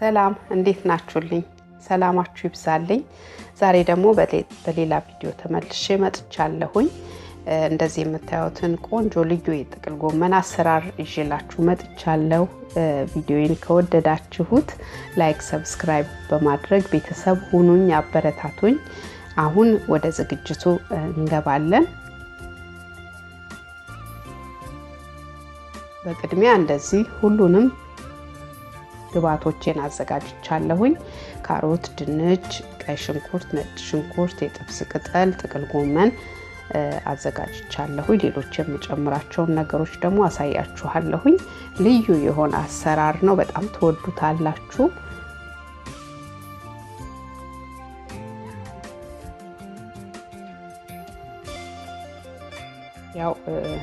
ሰላም እንዴት ናችሁልኝ? ሰላማችሁ ይብዛልኝ። ዛሬ ደግሞ በሌላ ቪዲዮ ተመልሼ መጥቻለሁኝ። እንደዚህ የምታዩትን ቆንጆ ልዩ የጥቅል ጎመን አሰራር ይዤላችሁ መጥቻለሁ። ቪዲዮዬን ከወደዳችሁት ላይክ፣ ሰብስክራይብ በማድረግ ቤተሰብ ሁኑኝ፣ አበረታቱኝ። አሁን ወደ ዝግጅቱ እንገባለን። በቅድሚያ እንደዚህ ሁሉንም ግብአቶቼን አዘጋጅቻለሁኝ። ካሮት፣ ድንች፣ ቀይ ሽንኩርት፣ ነጭ ሽንኩርት፣ የጥብስ ቅጠል፣ ጥቅል ጎመን አዘጋጅቻለሁኝ። ሌሎች የምጨምራቸውን ነገሮች ደግሞ አሳያችኋለሁኝ። ልዩ የሆነ አሰራር ነው። በጣም ትወዱታላችሁ። ያው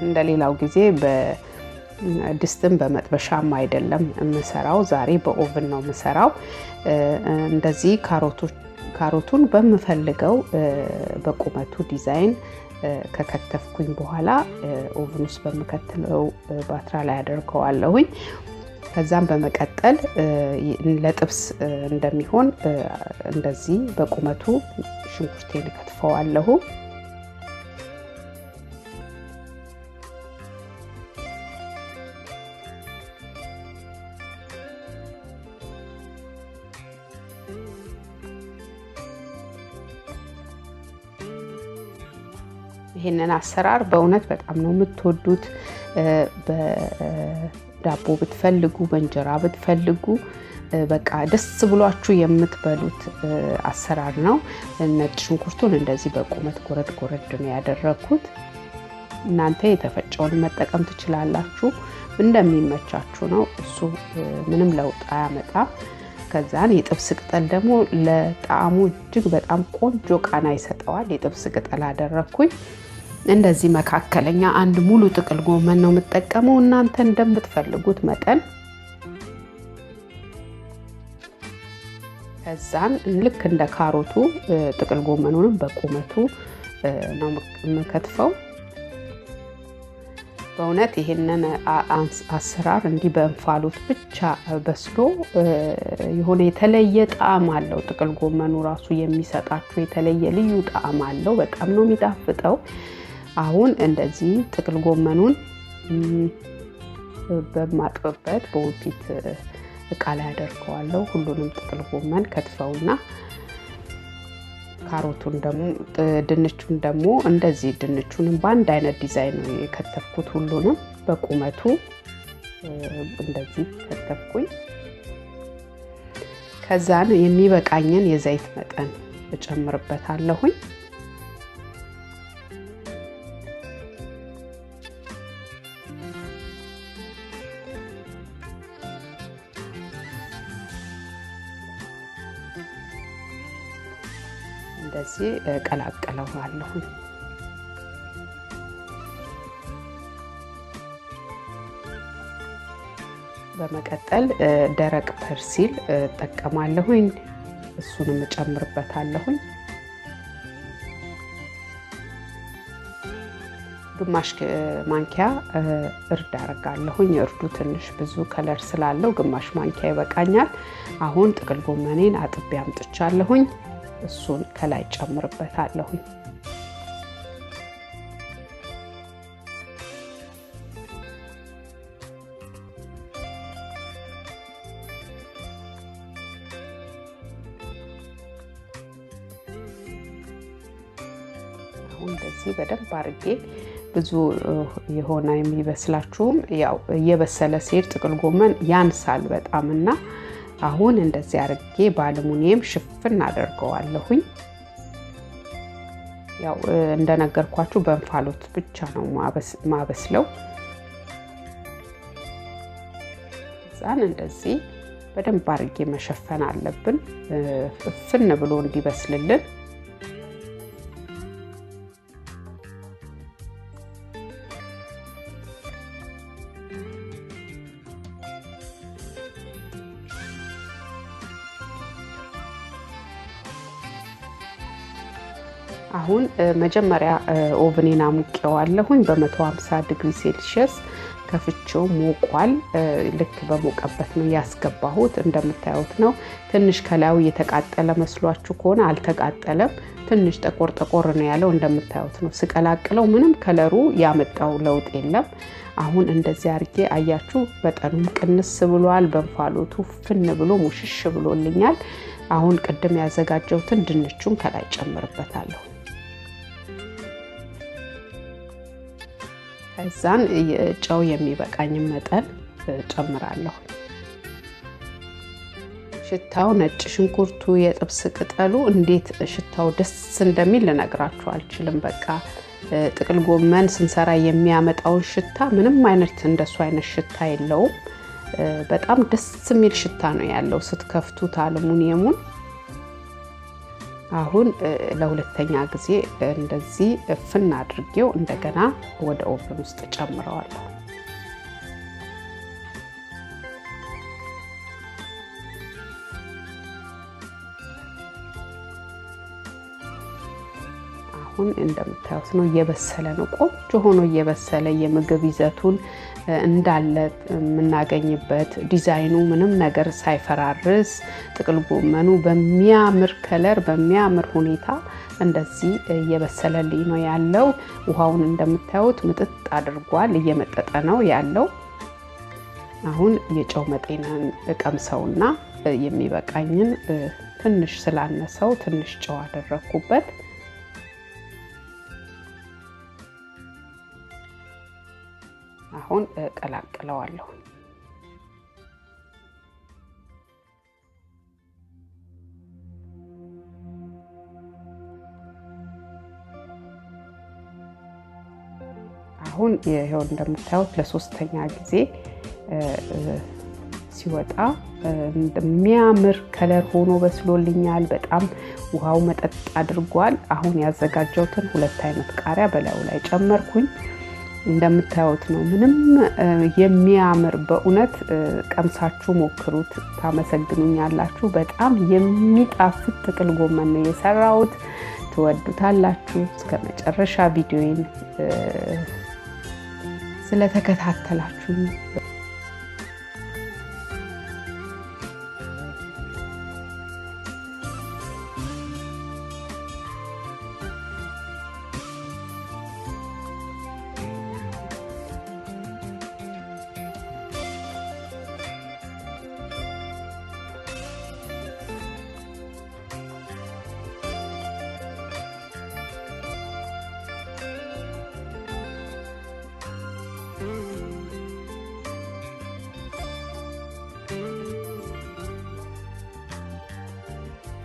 እንደ ሌላው ጊዜ ድስትን በመጥበሻም አይደለም የምሰራው። ዛሬ በኦቭን ነው የምሰራው። እንደዚህ ካሮቱን በምፈልገው በቁመቱ ዲዛይን ከከተፍኩኝ በኋላ ኦቭን ውስጥ በምከትለው ባትራ ላይ አደርገዋለሁኝ። ከዛም በመቀጠል ለጥብስ እንደሚሆን እንደዚህ በቁመቱ ሽንኩርቴን እከትፈዋለሁ። ይህንን አሰራር በእውነት በጣም ነው የምትወዱት። በዳቦ ብትፈልጉ፣ በእንጀራ ብትፈልጉ በቃ ደስ ብሏችሁ የምትበሉት አሰራር ነው። ነጭ ሽንኩርቱን እንደዚህ በቁመት ጎረድ ጎረድ ነው ያደረግኩት። እናንተ የተፈጨውን መጠቀም ትችላላችሁ፣ እንደሚመቻችሁ ነው። እሱ ምንም ለውጥ አያመጣ ከዛን የጥብስ ቅጠል ደግሞ ለጣዕሙ እጅግ በጣም ቆንጆ ቃና ይሰጠዋል። የጥብስ ቅጠል አደረግኩኝ። እንደዚህ መካከለኛ አንድ ሙሉ ጥቅል ጎመን ነው የምጠቀመው። እናንተ እንደምትፈልጉት መጠን ከዛን ልክ እንደ ካሮቱ ጥቅል ጎመኑንም በቁመቱ ነው የምከትፈው። በእውነት ይሄንን አሰራር እንዲህ በእንፋሎት ብቻ በስሎ የሆነ የተለየ ጣዕም አለው። ጥቅል ጎመኑ ራሱ የሚሰጣችሁ የተለየ ልዩ ጣዕም አለው። በጣም ነው የሚጣፍጠው። አሁን እንደዚህ ጥቅል ጎመኑን በማጥብበት በውፊት እቃ ላይ አደርገዋለሁ። ሁሉንም ጥቅል ጎመን ከትፈውና ካሮቱን ደግሞ ድንቹን ደግሞ እንደዚህ ድንቹንም በአንድ አይነት ዲዛይን ነው የከተፍኩት። ሁሉንም በቁመቱ እንደዚህ ከተፍኩኝ። ከዛን የሚበቃኝን የዘይት መጠን እጨምርበታለሁኝ። እንደዚህ ቀላቀለዋለሁ። በመቀጠል ደረቅ ፐርሲል እጠቀማለሁኝ። እሱንም እጨምርበታለሁኝ። ግማሽ ማንኪያ እርድ አረጋለሁኝ። እርዱ ትንሽ ብዙ ከለር ስላለው ግማሽ ማንኪያ ይበቃኛል። አሁን ጥቅል ጎመኔን አጥቤ አምጥቻለሁኝ። እሱን ከላይ ጨምርበታለሁ። እንደዚህ በደንብ አርጌ ብዙ የሆነ የሚበስላችሁም ያው እየበሰለ ሲሄድ ጥቅል ጎመን ያንሳል በጣም እና አሁን እንደዚህ አድርጌ በአልሙኒየም ሽፍን አደርገዋለሁኝ። ያው እንደነገርኳችሁ በእንፋሎት ብቻ ነው ማበስለው። ዛን እንደዚህ በደንብ አድርጌ መሸፈን አለብን፣ እፍን ብሎ እንዲበስልልን አሁን መጀመሪያ ኦቭኔን አሙቄዋለሁኝ በ150 ዲግሪ ሴልሺየስ ከፍቼው ሞቋል። ልክ በሞቀበት ነው ያስገባሁት። እንደምታዩት ነው። ትንሽ ከላዩ የተቃጠለ መስሏችሁ ከሆነ አልተቃጠለም። ትንሽ ጠቆር ጠቆር ነው ያለው። እንደምታዩት ነው። ስቀላቅለው ምንም ከለሩ ያመጣው ለውጥ የለም። አሁን እንደዚህ አድርጌ አያችሁ፣ በጠኑም ቅንስ ብሏል። በእንፋሎቱ ፍን ብሎ ሙሽሽ ብሎልኛል። አሁን ቅድም ያዘጋጀሁትን ድንቹን ከላይ ጨምርበታለሁ። ከዛን ጨው የሚበቃኝን መጠን ጨምራለሁ። ሽታው ነጭ ሽንኩርቱ፣ የጥብስ ቅጠሉ እንዴት ሽታው ደስ እንደሚል ልነግራችሁ አልችልም። በቃ ጥቅል ጎመን ስንሰራ የሚያመጣውን ሽታ ምንም አይነት እንደሱ አይነት ሽታ የለውም። በጣም ደስ የሚል ሽታ ነው ያለው ስትከፍቱት አልሙኒየሙን አሁን ለሁለተኛ ጊዜ እንደዚህ እፍን አድርጌው እንደገና ወደ ኦቨን ውስጥ ጨምረዋለሁ። አሁን እንደምታዩት ነው፣ እየበሰለ ነው። ቆንጆ ሆኖ እየበሰለ የምግብ ይዘቱን እንዳለ የምናገኝበት ዲዛይኑ ምንም ነገር ሳይፈራርስ ጥቅል ጎመኑ በሚያምር ከለር በሚያምር ሁኔታ እንደዚህ እየበሰለልኝ ነው ያለው። ውሃውን እንደምታዩት ምጥጥ አድርጓል፣ እየመጠጠ ነው ያለው። አሁን የጨው መጤንን እቀምሰውና የሚበቃኝን ትንሽ ስላነሰው ትንሽ ጨው አደረግኩበት። አሁን እቀላቅለዋለሁ። አሁን ይኸው እንደምታዩት ለሶስተኛ ጊዜ ሲወጣ የሚያምር ከለር ሆኖ በስሎልኛል። በጣም ውሃው መጠጥ አድርጓል። አሁን ያዘጋጀሁትን ሁለት አይነት ቃሪያ በላዩ ላይ ጨመርኩኝ። እንደምታዩት ነው። ምንም የሚያምር በእውነት ቀምሳችሁ ሞክሩት፣ ታመሰግኑኛላችሁ። በጣም የሚጣፍጥ ጥቅል ጎመን ነው የሰራሁት፣ ትወዱታላችሁ። እስከ መጨረሻ ቪዲዮን ስለተከታተላችሁ